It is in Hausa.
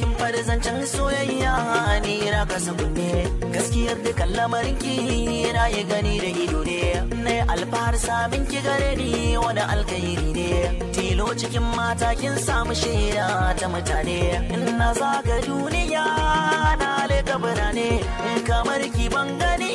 kin fara zancen soyayya ni ra ka kunne gaskiyar dukan lamarin ki na yi gani da ido ne na yi alfahar samin ki gare ni wani alkairi ne tilo cikin mata kin samu shaida ta mutane ina zaga duniya na leka birane kamar ki ban gani